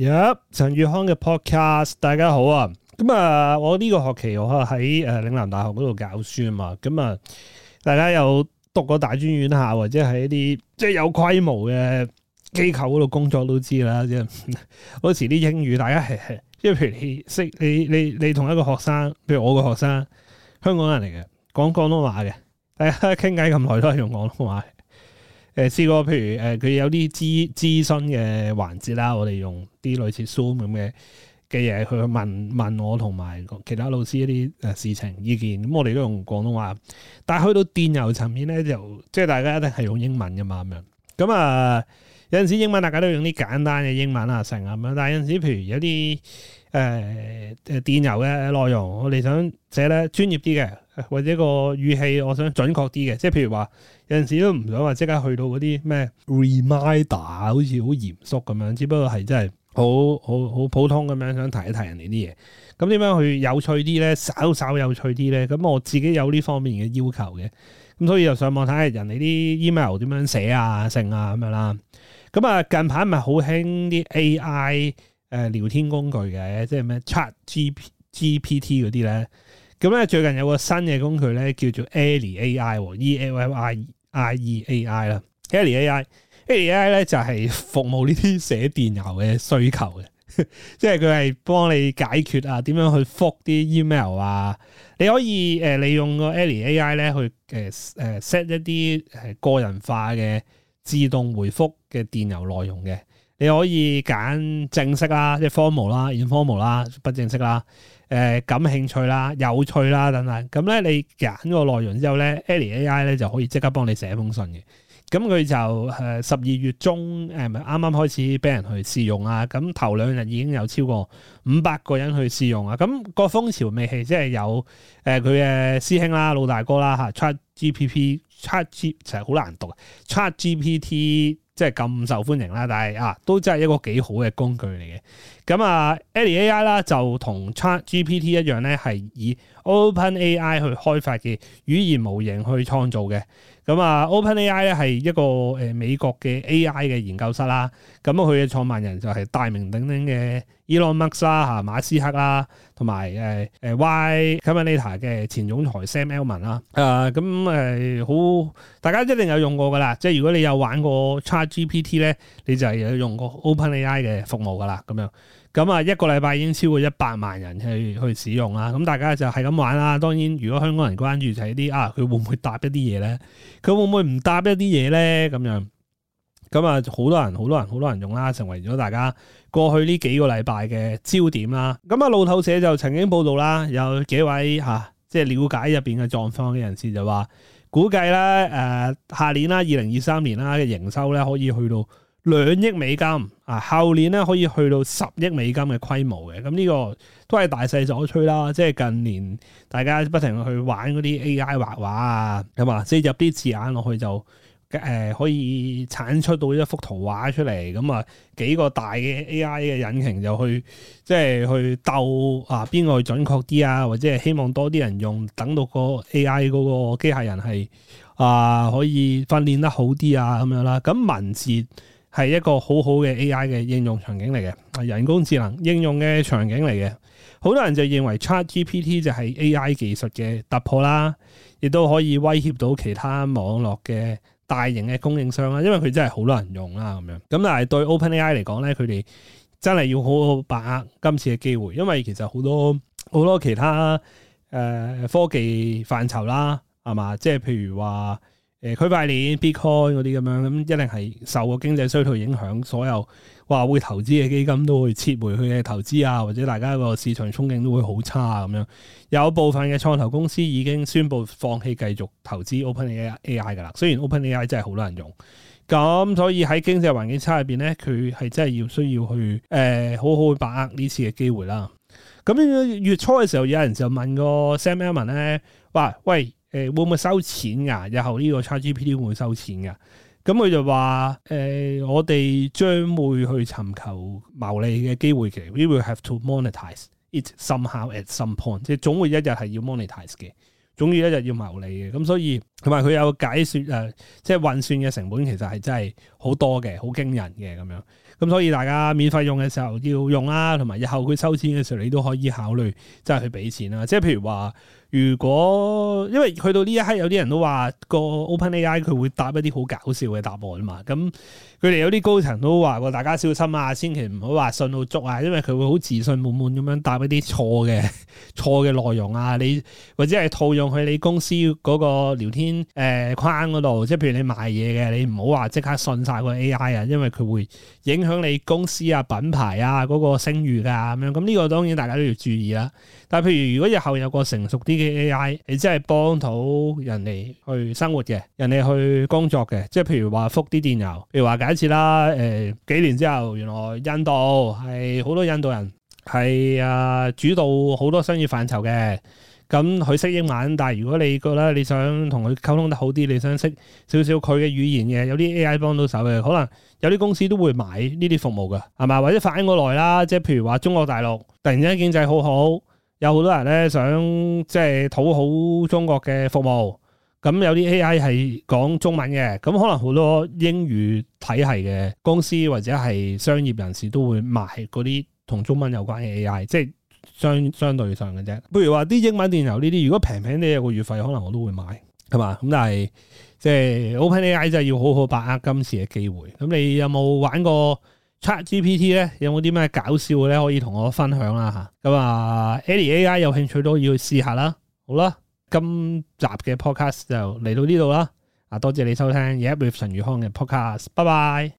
一、yep, 陳宇康嘅 podcast，大家好啊！咁啊，我呢個學期我喺誒嶺南大學嗰度教書啊嘛，咁啊，大家有讀過大專院校或者喺一啲即係有規模嘅機構嗰度工作都知啦。即係嗰時啲英語，大家係係，即係譬如你識你你你同一個學生，譬如我個學生，香港人嚟嘅，講廣東話嘅，大家傾偈咁耐都係用廣東話嘅。誒試過，譬如誒佢有啲諮諮詢嘅環節啦，我哋用啲類似 Zoom 咁嘅嘅嘢，去問問我同埋其他老師一啲誒事情意見，咁我哋都用廣東話。但係去到電郵層面咧，就即係大家一定係用英文嘅嘛咁樣。咁啊有陣時英文大家都用啲簡單嘅英文啊成咁樣，但係有陣時譬如有啲。誒誒、呃、電郵嘅內容，我哋想寫咧專業啲嘅，或者個語氣我想準確啲嘅，即係譬如話有陣時都唔想話即刻去到嗰啲咩 reminder，好似好嚴肅咁樣，只不過係真係好好好普通咁樣想提一提人哋啲嘢。咁點樣去有趣啲咧？稍稍有趣啲咧？咁我自己有呢方面嘅要求嘅，咁所以就上網睇下、哎、人哋啲 email 點樣寫啊、成啊咁樣啦。咁啊近排咪好興啲 AI。誒，聊天工具嘅，即係咩 Chat G P G P T 嗰啲咧，咁咧最近有個新嘅工具咧，叫做 Ali A I E L I E A I 啦，Ali A I a i 咧就係服務呢啲寫電郵嘅需求嘅，即係佢係幫你解決啊點樣去復啲 email 啊，你可以誒、呃、利用個 Ali A I 咧去誒誒 set 一啲誒個人化嘅自動回覆嘅電郵內容嘅。你可以揀正式啦、即係 formal 啦、informal 啦、不正式啦、誒感興趣啦、有趣啦等等。咁咧，你揀咗個內容之後咧，AI 咧就可以即刻幫你寫封信嘅。咁佢就誒十二月中誒咪啱啱開始俾人去試用啊。咁頭兩日已經有超過五百個人去試用啊。咁個風潮未起，即係有誒佢嘅師兄啦、老大哥啦吓，Chat GPT、Chat G, G 其實好難讀啊，Chat GPT。Char 即係咁受歡迎啦，但係啊，都真係一個幾好嘅工具嚟嘅。咁啊，Eleven AI 啦，就同 Chat GPT 一樣咧，係以 Open AI 去開發嘅語言模型去創造嘅。咁啊，Open AI 咧係一個誒美國嘅 AI 嘅研究室啦。咁佢嘅創辦人就係大名鼎鼎嘅。Elon Musk 啦嚇，馬斯克啦，同埋誒誒 Y Combinator 嘅前總裁 Sam Altman 啦、呃，誒咁誒好，大家一定有用過噶啦，即係如果你有玩過 ChatGPT 咧，你就係有用過 OpenAI 嘅服務噶啦，咁樣，咁啊一個禮拜已經超過一百萬人去去使用啦，咁大家就係咁玩啦。當然，如果香港人關注就係啲啊，佢會唔會答一啲嘢咧？佢會唔會唔答一啲嘢咧？咁樣。咁啊，好多人，好多人，好多人用啦，成為咗大家過去呢幾個禮拜嘅焦點啦。咁啊，路透社就曾經報道啦，有幾位嚇、啊，即係了解入邊嘅狀況嘅人士就話，估計咧誒，下、啊、年啦，二零二三年啦嘅營收咧可以去到兩億美金啊，後年咧可以去到十億美金嘅規模嘅。咁呢個都係大勢所趨啦，即係近年大家不停去玩嗰啲 AI 畫畫啊，咁啊，即係入啲字眼落去就。誒、呃、可以產出到一幅圖畫出嚟，咁、嗯、啊幾個大嘅 AI 嘅引擎就去即係去鬥啊邊個準確啲啊，或者係希望多啲人用，等到個 AI 嗰個機械人係啊可以訓練得好啲啊咁樣啦。咁文字係一個好好嘅 AI 嘅應用場景嚟嘅，人工智能應用嘅場景嚟嘅。好多人就認為 ChatGPT 就係 AI 技術嘅突破啦，亦都可以威脅到其他網絡嘅。大型嘅供應商啦，因為佢真係好多人用啦咁樣，咁但係對 OpenAI 嚟講咧，佢哋真係要好好把握今次嘅機會，因為其實好多好多其他誒、呃、科技範疇啦，係嘛，即係譬如話。誒，區塊鏈、bitcoin 嗰啲咁樣，咁一定係受個經濟衰退影響，所有話會投資嘅基金都會撤回佢嘅投資啊，或者大家個市場憧憬都會好差咁樣。有部分嘅創投公司已經宣佈放棄繼續投資 OpenAI 嘅啦。雖然 OpenAI 真係好多人用，咁所以喺經濟環境差入邊咧，佢係真係要需要去誒、呃，好好去把握呢次嘅機會啦。咁月初嘅時候，有人就問個 Sam Altman 咧，哇喂。誒，會唔會收錢噶？日後呢個 ChatGPT 會唔會收錢噶？咁佢就話誒、呃，我哋將會去尋求牟利嘅機會嘅。We will have to monetize it somehow at some point，即係總會一日係要 monetize 嘅，總要一日要牟利嘅。咁所以同埋佢有解説誒、啊，即係運算嘅成本其實係真係好多嘅，好驚人嘅咁樣。咁所以大家免費用嘅時候要用啦，同埋日後佢收錢嘅時候，你都可以考慮即係去俾錢啦。即係譬如話，如果因為去到呢一刻，有啲人都話個 OpenAI 佢會答一啲好搞笑嘅答案啊嘛，咁。佢哋有啲高層都話過，大家小心啊，千祈唔好話信到足啊，因為佢會好自信滿滿咁樣答一啲錯嘅錯嘅內容啊，你或者係套用去你公司嗰個聊天誒框嗰度，即係譬如你賣嘢嘅，你唔好話即刻信晒個 AI 啊，因為佢會影響你公司啊品牌啊嗰、那個聲譽㗎咁樣。咁呢個當然大家都要注意啦、啊。但譬如如果日後有個成熟啲嘅 AI，你真係幫到人哋去生活嘅，人哋去工作嘅，即係譬如話覆啲電郵，譬如一次啦、呃，幾年之後，原來印度係好多印度人係、啊、主導好多商業範疇嘅。咁佢識英文，但係如果你覺得你想同佢溝通得好啲，你想識少少佢嘅語言嘅，有啲 AI 幫到手嘅，可能有啲公司都會買呢啲服務㗎，係咪？或者反過來啦，即係譬如話中國大陸突然之間經濟好好，有好多人咧想即係討好中國嘅服務。咁有啲 AI 係講中文嘅，咁可能好多英語體系嘅公司或者係商業人士都會買嗰啲同中文有關嘅 AI，即係相相對上嘅啫。不如話啲英文電郵呢啲，如果平平啲有個月費，可能我都會買，係嘛？咁但係即係 OpenAI 就係、Open 就要好好把握今次嘅機會。咁你有冇玩過 ChatGPT 咧？有冇啲咩搞笑嘅咧可以同我分享啦？嚇咁啊、LA，AI 有興趣都要試去試下啦。好啦。今集嘅 podcast 就嚟到呢度啦！多謝你收聽，而家《with 陳宇康》嘅 podcast，拜拜。